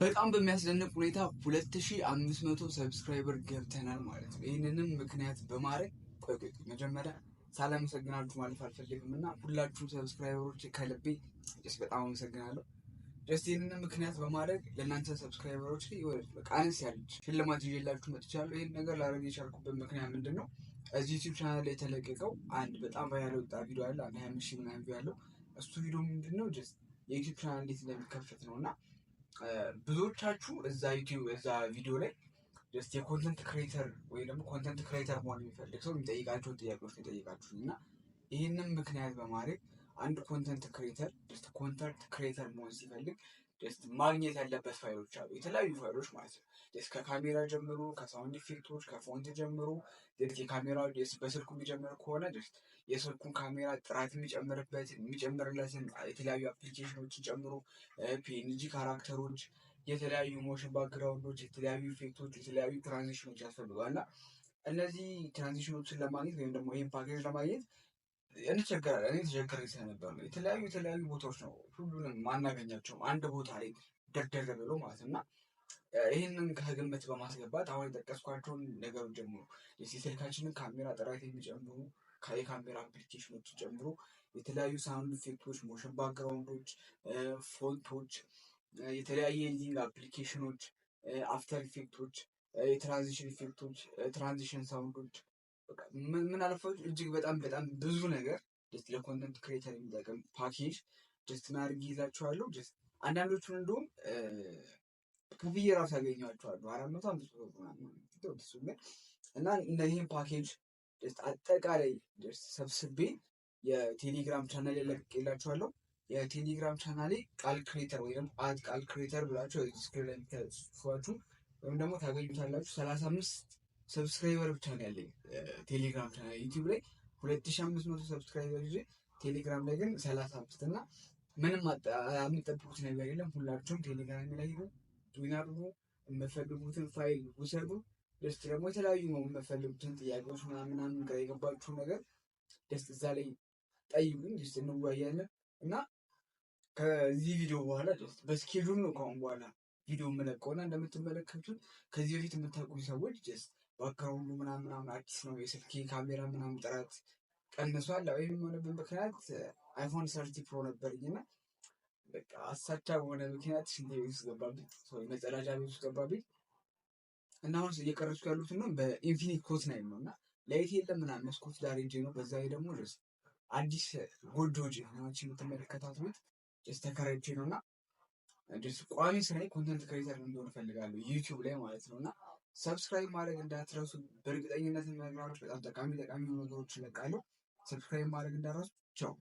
በጣም በሚያስደንቅ ሁኔታ 2500 ሰብስክራይበር ገብተናል ማለት ነው። ይህንንም ምክንያት በማድረግ ቆይ ቆይ መጀመሪያ ሳላመሰግናችሁ ማለት አልፈልግም እና ሁላችሁም ሰብስክራይበሮች ከልቤ ስ በጣም አመሰግናለሁ። ስ ይህንንም ምክንያት በማድረግ ለእናንተ ሰብስክራይበሮች በቃ አነስ ያለች ሽልማት ይዤላችሁ መጥቻለሁ። ይህን ነገር ላደረግ የቻልኩበት ምክንያት ምንድን ነው? እዚህ ዩቲብ ቻናል ላይ የተለቀቀው አንድ በጣም ቫይራል ወጣ ቪዲዮ አለ። አንድ ሀያ አምስት ሺህ ምናምን ያለው እሱ ቪዲዮ ምንድን ነው ጀስት የዩቲብ ቻናል እንዴት እንደሚከፈት ነው እና ብዙዎቻችሁ እዛ ዩቲዩብ እዛ ቪዲዮ ላይ ጀስት የኮንተንት ክሬተር ወይ ደግሞ ኮንተንት ክሬተር መሆን የሚፈልግ ሰው የሚጠይቃቸውን ጥያቄዎች የጠይቃችሁ እና ይህንም ምክንያት በማድረግ አንድ ኮንተንት ክሬተር ጀስት ኮንተንት ክሬተር መሆን ሲፈልግ ማግኘት ያለበት ፋይሎች አሉ። የተለያዩ ፋይሎች ማለት ነው። ከካሜራ ጀምሮ ከሳውንድ ኢፌክቶች ከፎንት ጀምሮ የካሜራ በስልኩ የሚጀምር ከሆነ የስልኩን ካሜራ ጥራት የሚጨምርበት የሚጨምርለትን የተለያዩ አፕሊኬሽኖችን ጨምሮ ፒኤንጂ ካራክተሮች፣ የተለያዩ ሞሽን ባክግራውንዶች፣ የተለያዩ ኢፌክቶች፣ የተለያዩ ትራንዚሽኖች ያስፈልጋል እና እነዚህ ትራንዚሽኖችን ለማግኘት ወይም ደግሞ ይህን ፓኬጅ ለማግኘት እንቸገራለን። እኔ ተቸገረኝ ስለነበር ነው። የተለያዩ የተለያዩ ቦታዎች ነው ሁሉንም ማናገኛቸውም አንድ ቦታ ላይ ደርደር ብሎ ማለት እና ይህንን ከግምት በማስገባት አሁን የጠቀስኳቸውን ነገሮች ጀምሮ የስልካችንን ካሜራ ጥራት የሚጨምሩ የካሜራ አፕሊኬሽኖች ጨምሮ የተለያዩ ሳውንድ ኢፌክቶች፣ ሞሽን ባክግራውንዶች፣ ፎንቶች፣ የተለያየ ኤዲቲንግ አፕሊኬሽኖች፣ አፍተር ኢፌክቶች፣ የትራንዚሽን ኢፌክቶች፣ ትራንዚሽን ሳውንዶች ምን አለፋዎች እጅግ በጣም በጣም ብዙ ነገር ጀስት ለኮንተንት ክሬተር የሚጠቅም ፓኬጅ ጀስት ማድርግ ይዛችኋለሁ። ጀስት አንዳንዶቹን እንዲሁም ከፍዬ ራሱ ያገኘኋቸዋለሁ አራት መቶ አምስት መቶ ግን እና እነዚህም ፓኬጅ ጀስት አጠቃላይ ጀስት ሰብስቤ የቴሌግራም ቻናል ለቅቄላችኋለሁ። የቴሌግራም ቻናሌ ቃል ክሬተር ወይም አት ቃል ክሬተር ብላችሁ ስክሪን ላይ ወይም ደግሞ ታገኙታላችሁ ሰላሳ አምስት ሰብስክራይበር ብቻ ነው ያለኝ ቴሌግራም ዩቲዩብ ላይ ሁለት ሺህ አምስት መቶ ሰብስክራይበር ይዤ ቴሌግራም ላይ ግን ሰላሳ አምስት እና ምንም የምጠብቁት ነገር የለም። ሁላችሁም ቴሌግራም ላይ ሄዱ፣ ጆይን አድርጉ፣ የምፈልጉትን ፋይል ውሰዱ። ደስ ደግሞ የተለያዩ ነው የምፈልጉትን ጥያቄዎች ምናምን ጋር የገባችሁ ነገር ደስ እዛ ላይ ጠይቁኝ፣ ደስ እንወያያለን እና ከዚህ ቪዲዮ በኋላ ደስ በስኬጁል ነው ከአሁን በኋላ ቪዲዮ የምለቀውና እንደምትመለከቱት ከዚህ በፊት የምታውቁኝ ሰዎች ደስ በቃ ምናምን ምናምን አዲስ ነው። የስልኬ ካሜራ ምናምን ጥራት ቀንሷል። ወይም የሆነበት ምክንያት አይፎን ሰርቲ ፕሮ ነበርኝ እና በቃ አሳቻ በሆነ ምክንያት ሽንት ቤት ውስጥ ገባብኝ፣ መጸዳጃ ቤት ውስጥ ገባብኝ እና አሁን እየቀረጽኩ ያሉት ነው በኢንፊኒት ኮት ናይን ነው እና ላይት የለም ምናምን መስኮት ዳር እንጂ ነው። በዛ ላይ ደግሞ ልብስ አዲስ ጎጆ ውጭ ናች የምትመለከታት ቤት ጭስ ተከራይቼ ነው እና ቋሚ ስራዬ ኮንተንት ክሬተር እንደሆነ እፈልጋለሁ ዩቲዩብ ላይ ማለት ነው እና ሰብስክራይብ ማድረግ እንዳትረሱ። በእርግጠኝነት ነገሮች በጣም ጠቃሚ ጠቃሚ ነገሮች ይለቃሉ። ሰብስክራይብ ማድረግ እንዳትረሱ። ቻው